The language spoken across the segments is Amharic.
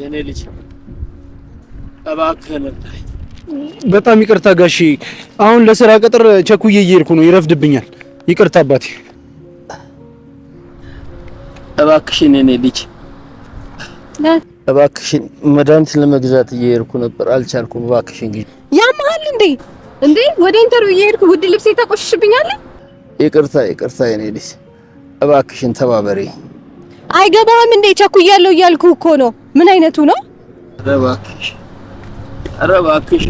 የኔ ልጅ እባክህ ነበር። በጣም ይቅርታ ጋሺ፣ አሁን ለስራ ቅጥር ቸኩዬ እየሄድኩ ነው፣ ይረፍድብኛል። ይቅርታ አባቴ። እባክሽን የኔ ልጅ እባክሽን፣ መድኃኒት ለመግዛት እየሄድኩ ነበር፣ አልቻልኩም። እባክሽን ግዢ። ያመሃል እንዴ? እንዴ ወደ ኢንተርቪው እየሄድኩ ውድ ልብሴ ተቆሽሽብኛል። ይቅርታ ይቅርታ፣ የኔ ልጅ እባክሽን ተባበሪ። አይገባህም እንዴ? ቸኩያለሁ እያልኩ እኮ ነው። ምን አይነቱ ነው? ኧረ እባክሽ፣ ኧረ እባክሽ።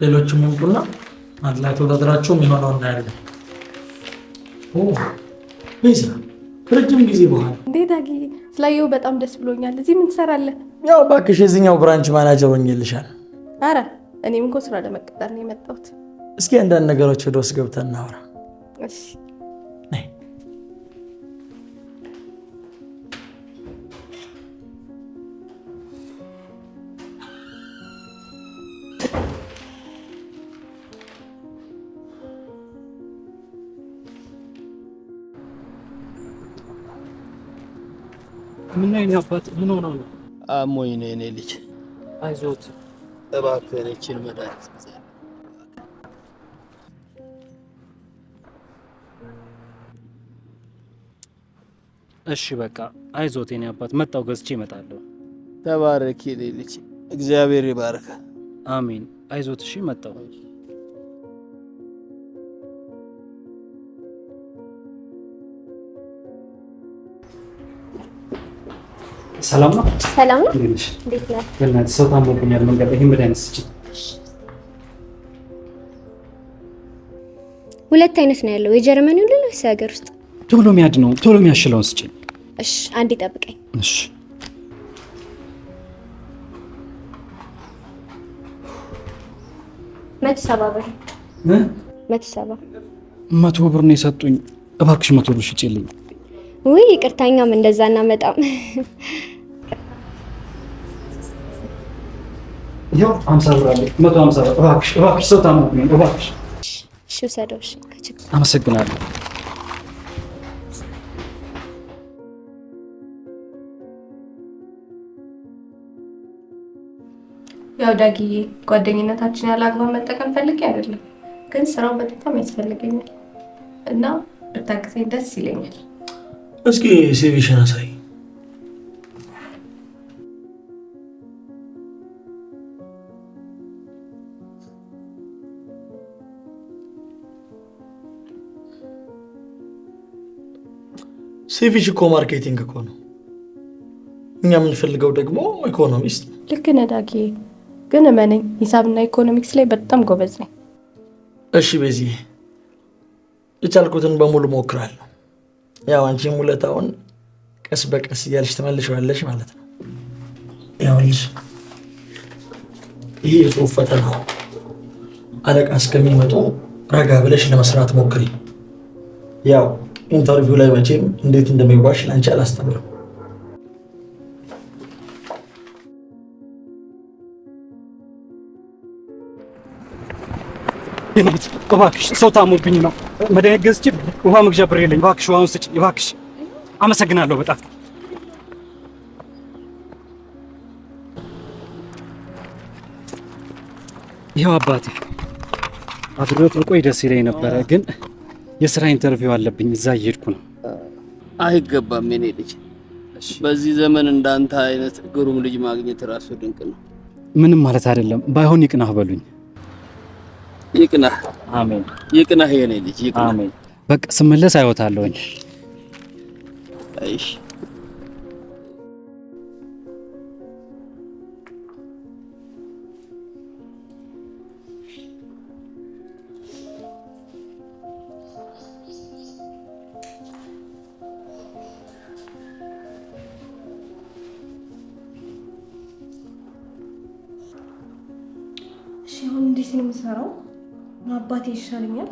ሌሎችም ወንቁና አንድ ላይ ተወዳድራችሁም የሆነው እናያለን። ከረጅም ጊዜ በኋላ እንዴት አጊ ስላየው በጣም ደስ ብሎኛል። እዚህ ምን ትሰራለህ? ያው እባክሽ የዚህኛው ብራንች ማናጀር ሆኜልሻል። አረ እኔም እኮ ስራ ለመቀጠር ነው የመጣሁት። እስኪ አንዳንድ ነገሮች ወደ ውስጥ ገብተን እናውራ። እሺ ምን አይነት አባት ምን ነው? አሞኝ ነው የኔ ልጅ። አይዞት እችን መድኃኒት እሺ በቃ አይዞት የኔ አባት፣ መጣው ገዝቼ እመጣለሁ። ተባረክ የኔ ልጅ፣ እግዚአብሔር ይባርካ። አሜን። አይዞት እሺ፣ መጣው ሰላም ነው? ሰላም ነው። እንዴት ነህ? በእናትህ ሰው ታሞብኛል መንገድ ላይ መድኃኒት ስጭኝ። ሁለት አይነት ነው ያለው፣ የጀርመኒው ልል ወይስ የሀገር ውስጥ? ቶሎ ሚያድ ነው ቶሎ ሚያሽለውን ስጭኝ። እሺ አንዴ ጠብቀኝ። እሺ መቶ ሰባ ብር መቶ ሰባ መቶ ብር ነው የሰጡኝ። እባክሽ መቶ ብር ሽጪልኝ። ውይ ይቅርታኛም እንደዛ እናመጣም ይኸው አመሰግናለሁ። ያው ዳጊዬ ጓደኝነታችን ያለ አግባብ መጠቀም ፈልጌ አይደለም፣ ግን ስራው በጣም ያስፈልገኛል እና ብታግዘኝ ደስ ይለኛል። እስኪ ሴቪሽን አሳይ ሴቪጅ እኮ ማርኬቲንግ እኮ ነው። እኛ የምንፈልገው ደግሞ ኢኮኖሚስት። ልክ ነህ ግን እመነኝ ሂሳብና ኢኮኖሚክስ ላይ በጣም ጎበዝ ነኝ። እሺ በዚህ የቻልኩትን በሙሉ ሞክራለሁ። ያው አንቺም ውለታውን ቀስ በቀስ እያለሽ ትመልሸዋለሽ ማለት ነው። ያውልሽ ይህ የጽሁፍ ፈተና አለቃ እስከሚመጡ ረጋ ብለሽ ለመስራት ሞክሪ። ያው ኢንተርቪው ላይ መቼም እንዴት እንደሚዋሽ ለአንቺ አላስተምርም። እባክሽ ሰው ታሞብኝ ነው። መድኃኒት ገዝቼ ውሃ መግዣ ብር የለኝ። እባክሽ ውሃውን ስጭኝ እባክሽ። አመሰግናለሁ በጣም ይኸው አባቴ አብሮት ብቆይ ደስ ይለኝ ነበረ ግን የስራ ኢንተርቪው አለብኝ፣ እዛ እየሄድኩ ነው። አይገባም የኔ ልጅ። በዚህ ዘመን እንዳንተ አይነት ግሩም ልጅ ማግኘት ራሱ ድንቅ ነው። ምንም ማለት አይደለም። ባይሆን ይቅናህ በሉኝ። ይቅናህ። አሜን። ይቅናህ የኔ ልጅ። አሜን። በቃ ስመለስ አይወታለሁኝ። እሺ ቤት ነው የምሰራው። አባቴ ይሻለኛል።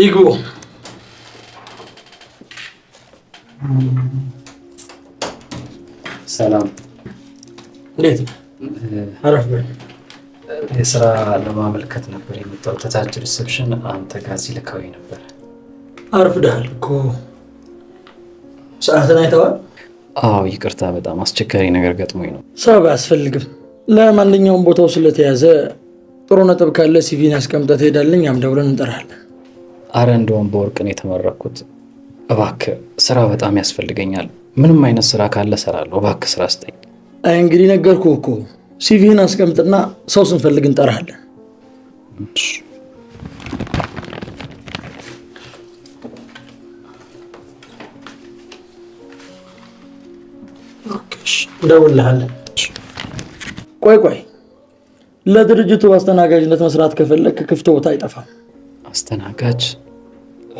ይግቡ። ሰላም እንዴት አረፍ የስራ ለማመልከት ነበር የመጣው። ተታች ሪሴፕሽን አንተ ጋር ሲልካዊ ነበር። አርፍደሃል እኮ ሰዓትን አይተዋል። አዎ ይቅርታ፣ በጣም አስቸጋሪ ነገር ገጥሞኝ ነው። ሰብ አያስፈልግም። ለማንኛውም ቦታው ስለተያዘ ጥሩ ነጥብ ካለ ሲቪን አስቀምጠህ ትሄዳለኝ። ያም ደውለን እንጠራለን። አረ እንደውም በወርቅ ነው የተመረኩት። እባክ ስራ በጣም ያስፈልገኛል። ምንም አይነት ስራ ካለ ሰራለሁ። እባክ ስራ ስጠኝ። እንግዲህ ነገርኩ እኮ ሲቪህን አስቀምጥና ሰው ስንፈልግ እንጠራሃለን። እደውልልሃለን። ቆይ ቆይ፣ ለድርጅቱ አስተናጋጅነት መስራት ከፈለግ ክፍት ቦታ አይጠፋም። አስተናጋጅ?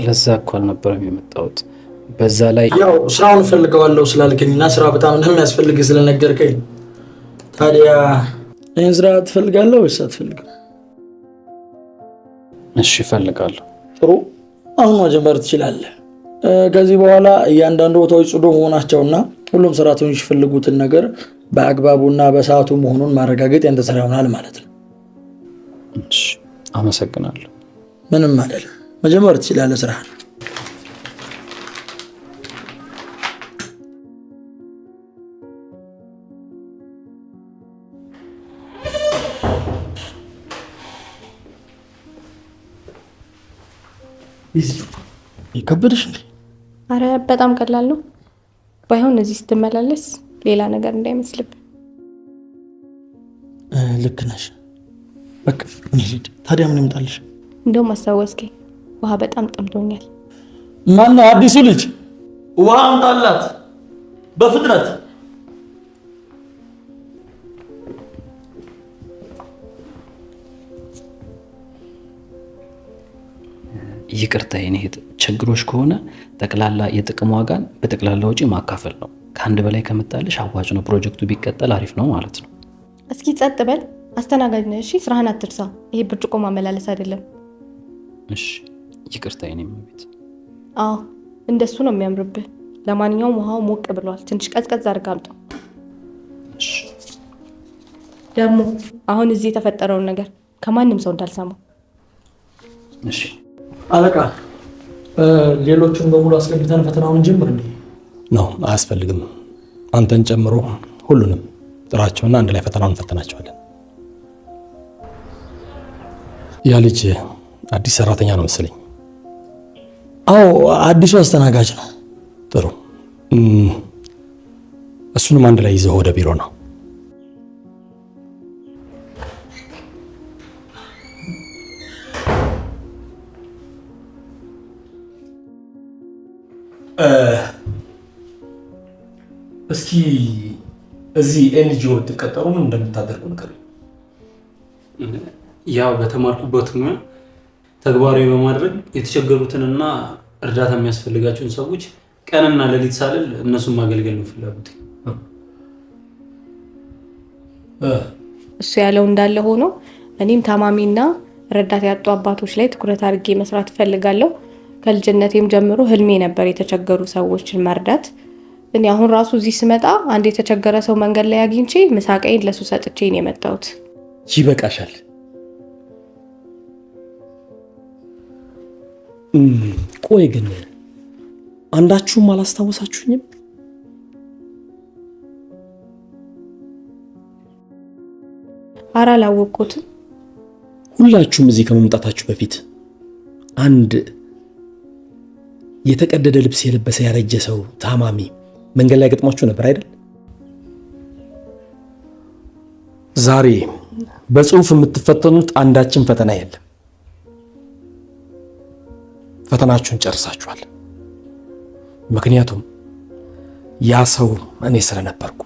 ለዛ እኮ አልነበረም የመጣሁት በዛ ላይ ያው ስራውን እፈልገዋለሁ ስላልከኝ እና ስራ በጣም እንደሚያስፈልግ ስለነገርከኝ፣ ታዲያ ይህን ስራ ትፈልጋለህ ወይስ አትፈልግም? እሺ እፈልጋለሁ። ጥሩ፣ አሁን መጀመር ትችላለህ። ከዚህ በኋላ እያንዳንዱ ቦታዎች ጽዱ መሆናቸውና ሁሉም ሰራተኞች ይፈልጉትን ነገር በአግባቡና በሰዓቱ መሆኑን ማረጋገጥ ያንተ ስራ ይሆናል ማለት ነው። አመሰግናለሁ። ምንም አይደለም። መጀመር ትችላለህ ስራህን ይከብድሽ እንዴ? አረ በጣም ቀላል ነው። ባይሆን እዚህ ስትመላለስ ሌላ ነገር እንዳይመስልብ። ልክ ነሽ። በቃ ታዲያ ምን ይምጣልሽ? እንደውም አስታወስከኝ፣ ውሃ በጣም ጠምቶኛል። ማነው አዲሱ ልጅ? ውሃ አምጣላት በፍጥነት ይቅርታ የኔ ችግሮች ከሆነ ጠቅላላ የጥቅም ዋጋን በጠቅላላ ውጪ ማካፈል ነው። ከአንድ በላይ ከመጣልሽ አዋጭ ነው። ፕሮጀክቱ ቢቀጠል አሪፍ ነው ማለት ነው። እስኪ ጸጥ በል አስተናጋጅ ነህ። እሺ ስራህን አትርሳ። ይሄ ብርጭቆ ማመላለስ አይደለም። እሺ ይቅርታ የኔ ቤት። አዎ እንደሱ ነው የሚያምርብህ። ለማንኛውም ውሃው ሞቅ ብሏል። ትንሽ ቀዝቀዝ አድርግ አምጣው። ደግሞ አሁን እዚህ የተፈጠረውን ነገር ከማንም ሰው እንዳልሰማው እሺ አለቃ ሌሎቹን በሙሉ አስገብተን ፈተናውን ጀምር እንዴ? ነው አያስፈልግም። አንተን ጨምሮ ሁሉንም ጥራቸውና አንድ ላይ ፈተናውን ፈተናቸዋለን። ያ ልጅ አዲስ ሰራተኛ ነው መሰለኝ። አዎ አዲሱ አስተናጋጅ ነው። ጥሩ። እሱንም አንድ ላይ ይዘው ወደ ቢሮ ነው እስኪ እዚህ ኤንጂኦ ብትቀጠሩ ምን እንደምታደርጉ ነገር ያው በተማርኩበት ሙያ ተግባራዊ በማድረግ የተቸገሩትንና እርዳታ የሚያስፈልጋቸውን ሰዎች ቀንና ሌሊት ሳልል እነሱን ማገልገል ነው ፍላጎት። እሱ ያለው እንዳለ ሆኖ እኔም ታማሚና ረዳት ያጡ አባቶች ላይ ትኩረት አድርጌ መስራት እፈልጋለሁ። ከልጅነቴም ጀምሮ ህልሜ ነበር የተቸገሩ ሰዎችን መርዳት። እኔ አሁን ራሱ እዚህ ስመጣ አንድ የተቸገረ ሰው መንገድ ላይ አግኝቼ ምሳቀይን ለሱ ሰጥቼ የመጣሁት። ይበቃሻል። ቆይ ግን አንዳችሁም አላስታወሳችሁኝም? አረ አላወቅኩትም። ሁላችሁም እዚህ ከመምጣታችሁ በፊት አንድ የተቀደደ ልብስ የለበሰ ያረጀ ሰው ታማሚ መንገድ ላይ ገጥሟችሁ ነበር አይደል? ዛሬ በጽሁፍ የምትፈተኑት አንዳችን ፈተና የለም። ፈተናችሁን ጨርሳችኋል። ምክንያቱም ያ ሰው እኔ ስለነበርኩ።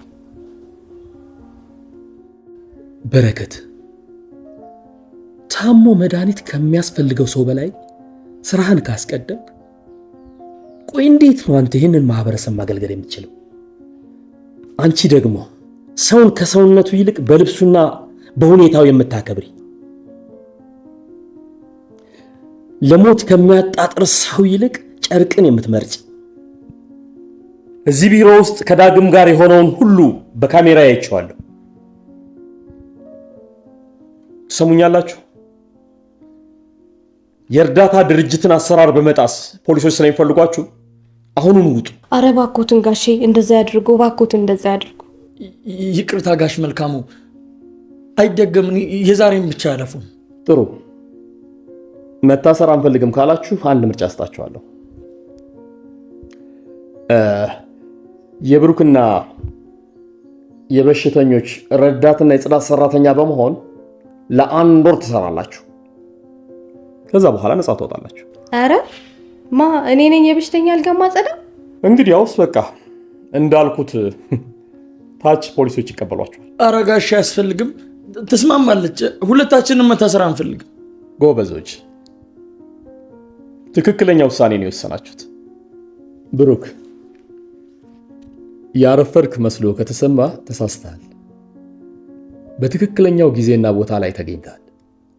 በረከት ታሞ መድኃኒት ከሚያስፈልገው ሰው በላይ ስራህን ካስቀደም ቆይ እንዴት ነው አንተ ይህንን ማህበረሰብ ማገልገል የምትችለው? አንቺ ደግሞ ሰውን ከሰውነቱ ይልቅ በልብሱና በሁኔታው የምታከብሪ ለሞት ከሚያጣጥር ሰው ይልቅ ጨርቅን የምትመርጭ እዚህ ቢሮ ውስጥ ከዳግም ጋር የሆነውን ሁሉ በካሜራ ያይቸዋለሁ። ትሰሙኛላችሁ? የእርዳታ ድርጅትን አሰራር በመጣስ ፖሊሶች ስለሚፈልጓችሁ አሁኑን ውጡ። አረ ባኮትን ጋሼ እንደዛ ያድርጎ፣ ባኮትን እንደዛ ያድርጎ። ይቅርታ ጋሽ መልካሙ፣ አይደገምን። የዛሬም ብቻ ያለፉ። ጥሩ መታሰር አንፈልግም ካላችሁ አንድ ምርጫ ስጣችኋለሁ። የብሩክና የበሽተኞች ረዳትና የጽዳት ሰራተኛ በመሆን ለአንድ ወር ትሰራላችሁ። ከዛ በኋላ ነጻ ትወጣላችሁ። አረ ማ እኔ ነኝ የበሽተኛ አልጋ ማጸዳው? እንግዲህ ያውስ በቃ እንዳልኩት ታች ፖሊሶች ይቀበሏቸዋል። ኧረ ጋሽ አያስፈልግም፣ ትስማማለች። ሁለታችንም መታሰር አንፈልግም። ጎበዞች፣ ትክክለኛ ውሳኔ ነው የወሰናችሁት። ብሩክ፣ ያረፈርክ መስሎ ከተሰማ ተሳስተሃል። በትክክለኛው ጊዜና ቦታ ላይ ተገኝታል።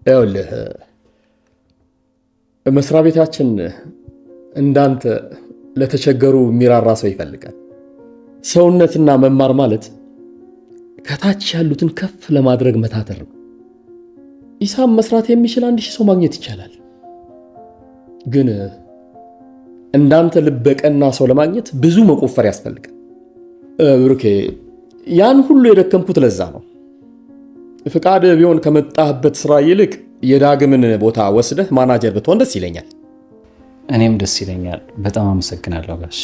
ይኸውልህ መስሪያ ቤታችን እንዳንተ ለተቸገሩ የሚራራ ሰው ይፈልጋል። ሰውነትና መማር ማለት ከታች ያሉትን ከፍ ለማድረግ መታተር ነው። ኢሳም መስራት የሚችል አንድ ሺህ ሰው ማግኘት ይቻላል። ግን እንዳንተ ልበቀና ሰው ለማግኘት ብዙ መቆፈር ያስፈልጋል። ብሩኬ፣ ያን ሁሉ የደከምኩት ለዛ ነው። ፍቃድ ቢሆን ከመጣህበት ስራ ይልቅ የዳግምን ቦታ ወስደህ ማናጀር ብትሆን ደስ ይለኛል። እኔም ደስ ይለኛል። በጣም አመሰግናለሁ ጋሽ